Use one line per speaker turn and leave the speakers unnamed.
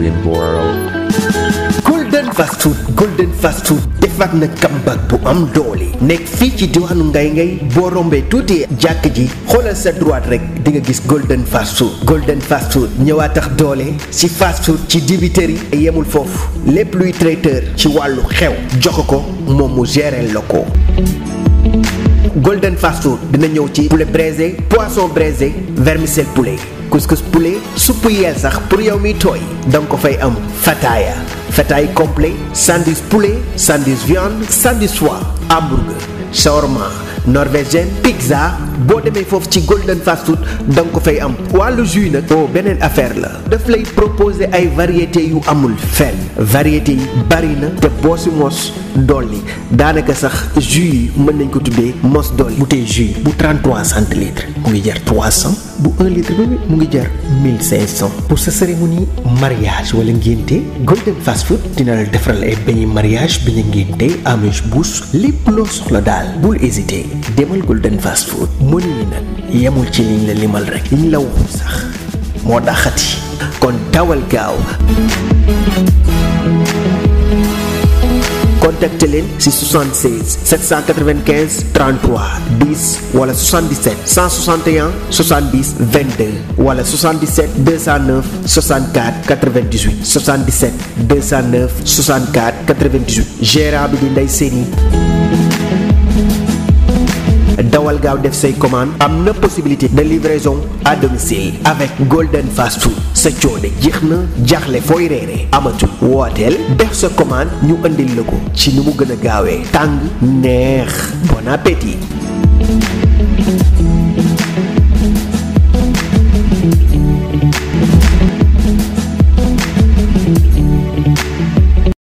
leen booral. Golden Fast Food Golden Fast Food defaat na comeback bu am doole nekk fii ci diwaanu ngay ngay boo rombee tuuti jàkk ji xoolal sa droite rek di nga gis Golden Fast Food Golden Fast Food ñëwaat tax doole ci fast food ci dibiteri yemul foofu lépp luy traiteur ci wàllu xew jox ko moom mu gerel la ko. Golden Fast Food dina ñëw ci poulet braisé poisson braisé vermicelle poulet. couscous poulet suppu yeel sax pour yow mi tooy danga ko fay am fataaya fataay complet sandwich poulet sandwich viande sandwich foie hamburger shawarma norvégienne pizza bo démé foofu ci golden fast food dang ko fay am wàllu jus nag bo oh, benen affaire la daf lay proposer ay variété yu amul fenn variété yi bari na te boo si mos dolli sax jus meun nañ ko mos doli bouté jus bu 33 centilitres mu ngi jar 300 bu 1 litre ba ngi 1500 pour sa cérémonie mariage wala ngenté golden fast food dina la defaral ay beñi mariage bi ñu amuse bouche lépp loo soxla dal bul hésiter demal Golden Fast Food mënu nag yemul ci liñ la limal rek liñ la waxul sax moo daxati kon dawal gaaw contacte leen ci 76 795 33 10 wala 77 161 70 22 bi di Ndeye Séni gaawal gaaw def say commande am na possibilité de livraison à domicile avec Golden Fast Food sa coone jeex na jaaxle fooy reere amatul wooteel def sa commande ñu indil la ko ci ni mu gën a gaawee tàng neex bon appétit